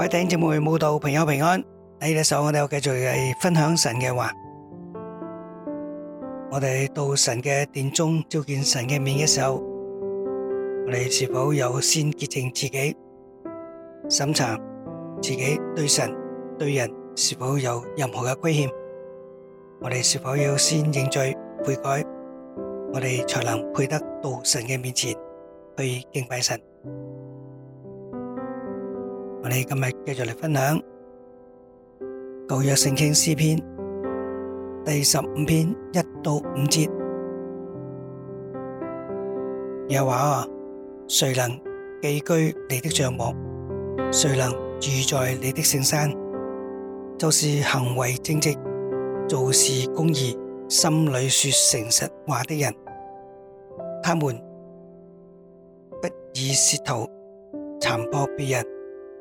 各位弟兄姊妹、慕道朋友平安，喺呢首我哋要繼續嚟分享神嘅話，我哋到神嘅殿中召見神嘅面嘅時候，我哋是否有先潔淨自己、審查自己對神對人是否有任何嘅虧欠？我哋是否要先認罪悔改，我哋才能配得到神嘅面前去敬拜神。我哋今日繼續嚟分享舊約聖經詩篇第十五篇一到五節，有話啊，誰能寄居你的帳幕，誰能住在你的聖山？就是行為正直、做事公義、心裏說誠實話的人，他們不以舌頭讒謗別人。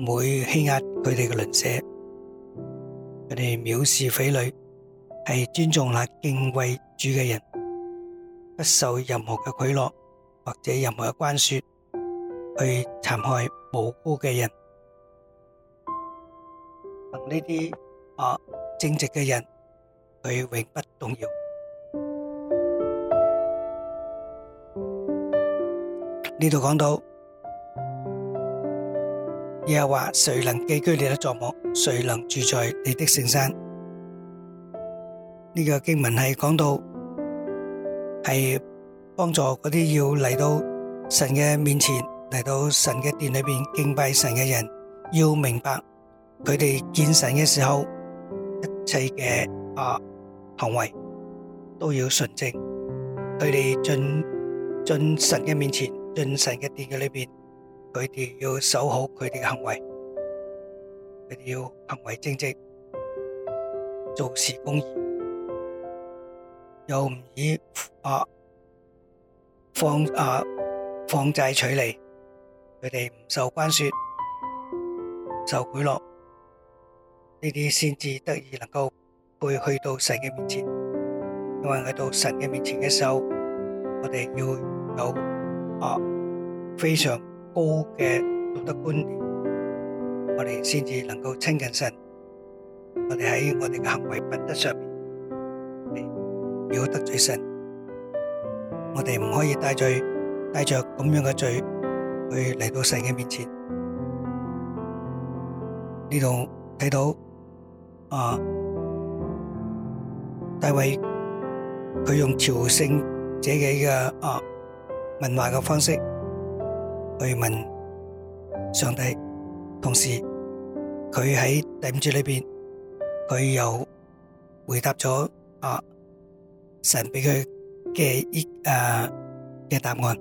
唔會欺壓佢哋嘅鄰舍，佢哋藐視匪類，係尊重啦敬畏主嘅人，不受任何嘅賄賂或者任何嘅關說去殘害無辜嘅人。呢啲啊正直嘅人，佢永不動搖。呢度講到。又話誰能寄居你的座幕，誰能住在你的聖山？呢個經文係講到，係幫助嗰啲要嚟到神嘅面前，嚟到神嘅殿裏邊敬拜神嘅人，要明白佢哋見神嘅時候一切嘅啊行為都要純正，佢哋進進神嘅面前，進神嘅殿嘅裏邊。佢哋要守好佢哋嘅行為，佢哋要行為正直，做事公義，又唔以啊放啊放債取利，佢哋唔受關說、受賄賂，呢啲先至得以能夠會去到神嘅面前。因為去到神嘅面前嘅時候，我哋要有啊非常。高嘅道德觀念，我哋先至能夠親近神。我哋喺我哋嘅行為品德上面，如果得罪神，我哋唔可以帶罪，帶着咁樣嘅罪去嚟到神嘅面前。呢度睇到啊，大衛佢用朝聖自己嘅啊文化嘅方式。去問上帝，同時佢喺第五節裏邊，佢又回答咗啊神俾佢嘅一、誒嘅答案。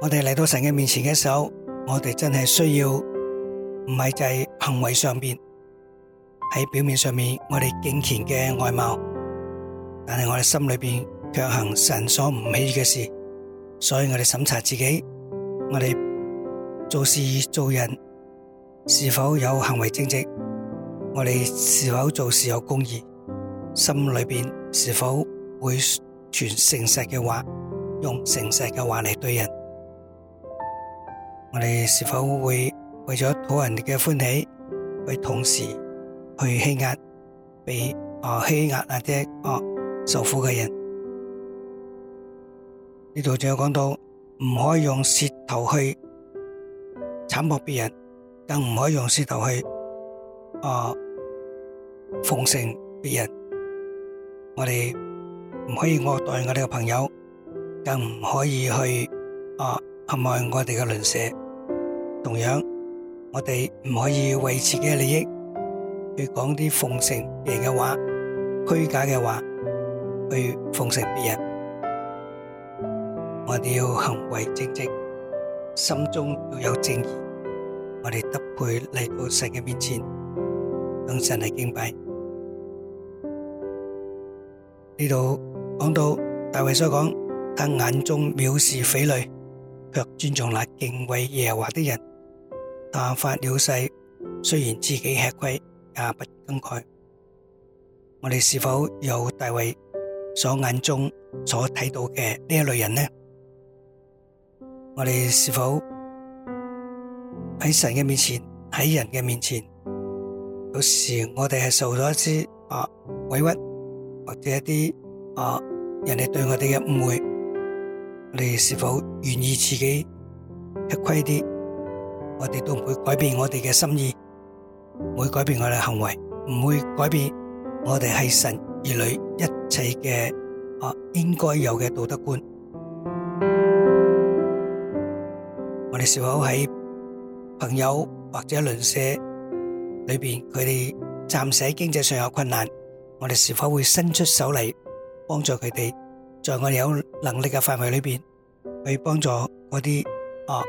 我哋嚟到神嘅面前嘅時候，我哋真係需要唔係就係行為上邊，喺表面上面我哋敬虔嘅外貌，但係我哋心裏邊。卻行神所唔起嘅事，所以我哋審查自己，我哋做事做人是否有行為正直？我哋是否做事有公義？心裏邊是否會傳誠實嘅話，用誠實嘅話嚟對人？我哋是否會為咗討人哋嘅歡喜，去同時去欺壓，被啊、哦、欺壓啊啲啊受苦嘅人？呢度仲有講到，唔可以用舌頭去殘破別人，更唔可以用舌頭去啊、呃、奉承別人。我哋唔可以惡待我哋嘅朋友，更唔可以去啊、呃、陷害我哋嘅鄰舍。同樣，我哋唔可以為自己嘅利益去講啲奉承別人嘅話、虛假嘅話去奉承別人。我哋要行為正直，心中要有正義。我哋得配嚟到神嘅面前，等神嚟敬拜。呢度講到大衛所講，他眼中藐視匪類，卻尊重那敬畏耶和華的人。但發了誓，雖然自己吃虧，也不更改。我哋是否有大衛所眼中所睇到嘅呢一類人呢？我哋是否喺神嘅面前，喺人嘅面前，有時我哋係受咗一啲啊委屈，或者一啲啊人哋對我哋嘅誤會，我哋是否願意自己吃虧啲？我哋都唔會改變我哋嘅心意，唔會改變我哋嘅行為，唔會改變我哋係神兒女一切嘅啊應該有嘅道德觀。是否喺朋友或者鄰舍裏邊，佢哋暫時經濟上有困難，我哋是否會伸出手嚟幫助佢哋？在我哋有能力嘅範圍裏邊，去幫助嗰啲啊，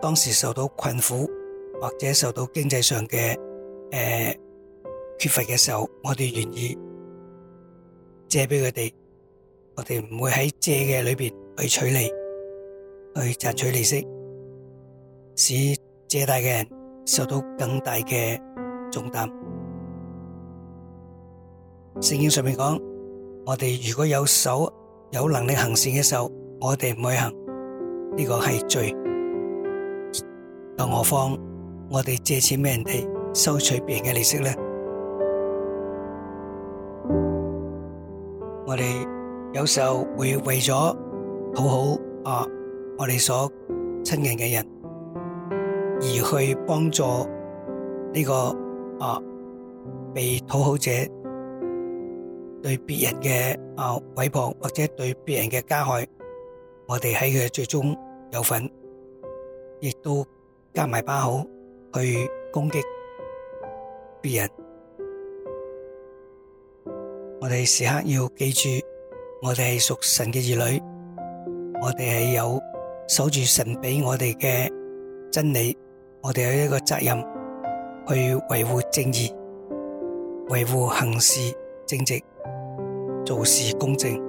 當時受到困苦或者受到經濟上嘅誒缺乏嘅時候，我哋願意借俾佢哋。我哋唔會喺借嘅裏邊去取利，去賺取利息。使借貸嘅人受到更大嘅重擔。聖經上面講，我哋如果有手有能力行善嘅時候，我哋唔去行呢個係罪。更何況我哋借錢俾人哋，收取別人嘅利息咧，我哋有時候會為咗討好啊我哋所親人嘅人。而去幫助呢個啊被討好者對別人嘅啊毀謗或者對別人嘅加害，我哋喺佢最終有份，亦都加埋把口去攻擊別人。我哋時刻要記住，我哋係屬神嘅兒女，我哋係有守住神俾我哋嘅真理。我哋有一個責任，去維護正義，維護行事正直，做事公正。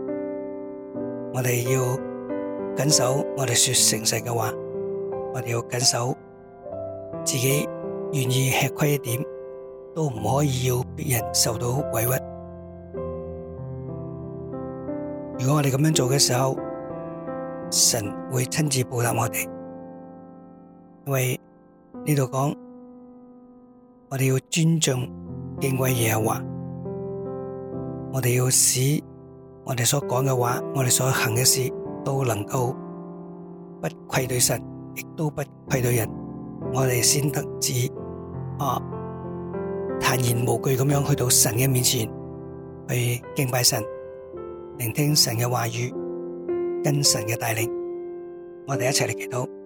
我哋要謹守，我哋說誠實嘅話，我哋要謹守自己願意吃虧一點，都唔可以要別人受到委屈。如果我哋咁樣做嘅時候，神會親自報答我哋，因為。呢度講，我哋要尊重敬畏耶和華，我哋要使我哋所講嘅話，我哋所行嘅事都能夠不愧對神，亦都不愧對人，我哋先得志啊！坦然無懼咁樣去到神嘅面前去敬拜神，聆聽神嘅話語，跟神嘅帶領，我哋一齊嚟祈禱。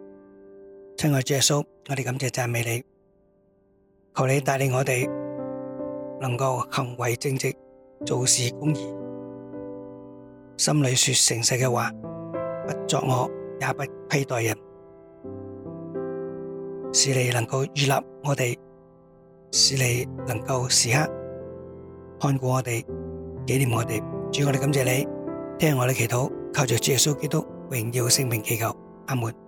親愛主耶穌，我哋感謝讚美你，求你帶領我哋能夠行為正直、做事公義，心裏說誠實嘅話，不作惡，也不虧待人。使祢能夠設立我哋，使祢能夠時刻看顧我哋、紀念我哋。主，我哋感謝你。聽我哋祈禱，靠着主耶穌基督榮耀聖名祈求，阿門。